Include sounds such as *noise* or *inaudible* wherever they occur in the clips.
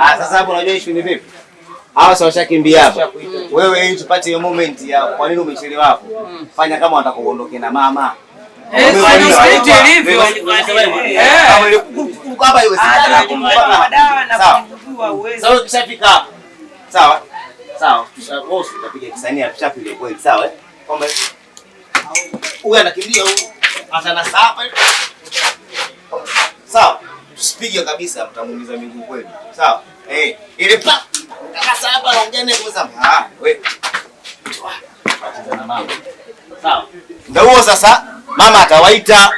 Ah, sasa hapo unajua issue ni vipi? Hawa sasa washakimbia hapa. Wewe hii tupate hiyo moment ya kwa nini umechelewa hapo. Fanya kama watakuondoke na mama. Sawa, Sawa. Sawa. sawa huyu anakimbia huyu. Hata na Piga kabisa mtamuumiza miguu kweli. Sawa? Eh, ile pa. Sasa hapa ongene kwa sababu. Ah, wewe. Acheza na Sawa. Ndio huo sasa mama atawaita.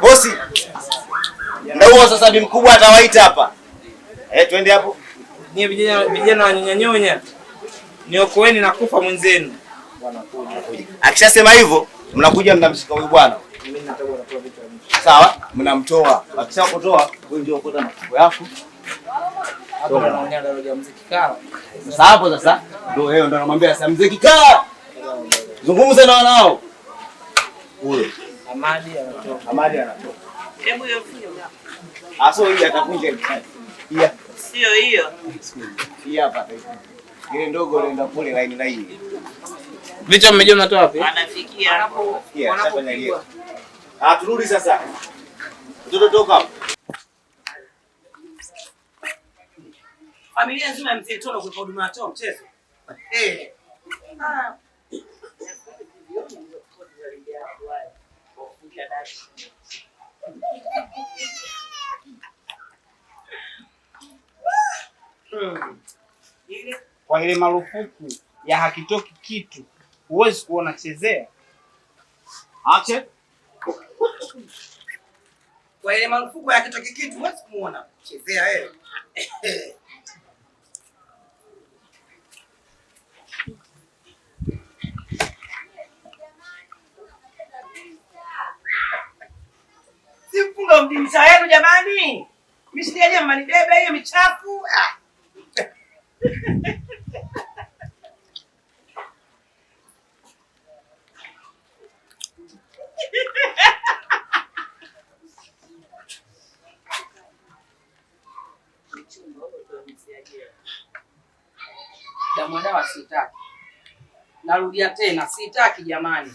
Bosi. Ndio huo sasa bi mkubwa atawaita hapa. Eh, twende hapo. Ni vijana vijana wanyanyonya. Niokoeni na kufa mwenzenu. Akishasema hivyo mnakuja mnamshika huyu bwana. Sawa, mnamtoa. Akisha kutoa wewe ndio ukota mafungu yako. Sasa hapo sasa ndio yeye ndio anamwambia sasa mzee kikaa. Zungumza na wanao. Huyo. Amadi anatoka. Amadi anatoka. Hebu hiyo Aso ah, hii atakunja hiyo. Sio hiyo. Hii hapa. Ile ndogo inaenda kule line line. Vicha mmejua mnatoa wapi? Anafikia hapo. Wanapofanya Ah, turudi sasa. Mtoto toka Familia nzima ya mzee Tolo kwa huduma yatoa mchezo. Eh. Ah. Kwa ile marufuku ya hakitoki kitu, huwezi kuona chezea. Ache. Kwa ile marufuku ya kitu kikitu huwezi kumuona. Chezea wewe. Sifunga mdimsa yenu jamani. Mimi sijaje mmanibebe hiyo michafu. Ah. madawa sitaki. Narudia tena, sitaki jamani.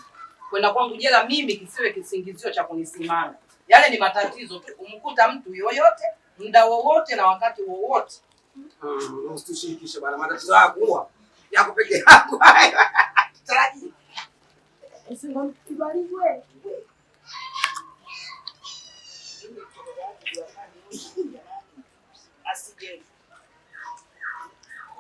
Kwenda kwangu jela mimi kisiwe kisingizio cha kunisimama. Yale ni matatizo tu, kumkuta mtu yoyote muda wowote na wakati wowote. Ah, usitushirikishe bana, matatizo yako huwa yako peke yako. *laughs* Taraji. *laughs*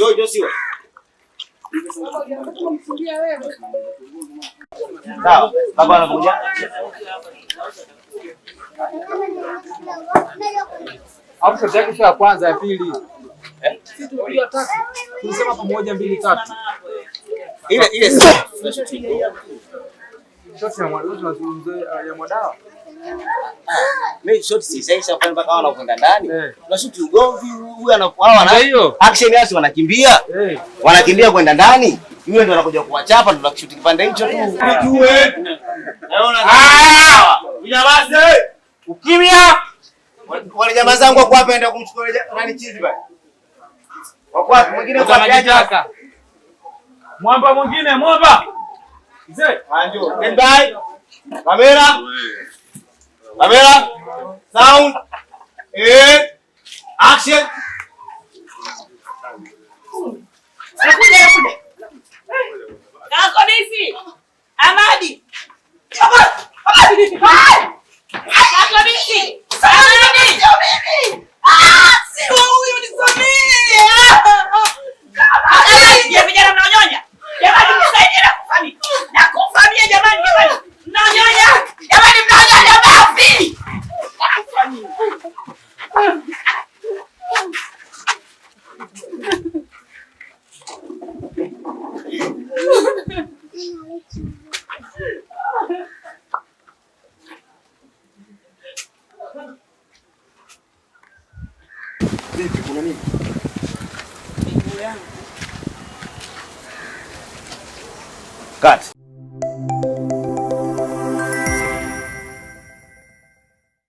Jojo sio? Sawa, baba anakuja. ya kwanza ya pili. Eh? pamoja mbili tatu. Ile ile shoti ya eh, mwadawa. Mimi ah. shoti si sasa mpaka wanakwenda ndani. Tunashuti eh. ugomvi huyu anakuwa na hiyo action yasi wanakimbia hey. Eh. Wanakimbia kwenda ndani, yule ndo anakuja kuwachapa, ndo nakishuti kipande hicho tu. Ah! Ukimya wale jamaa zangu wako hapa, enda kumchukua nani chizi bwana, wako hapa mwingine kwa kaka mwamba mwingine mwamba mzee, anjo bye kamera kamera sound eh action cool Vipi, kuna nini? Miguu yangu. Kati.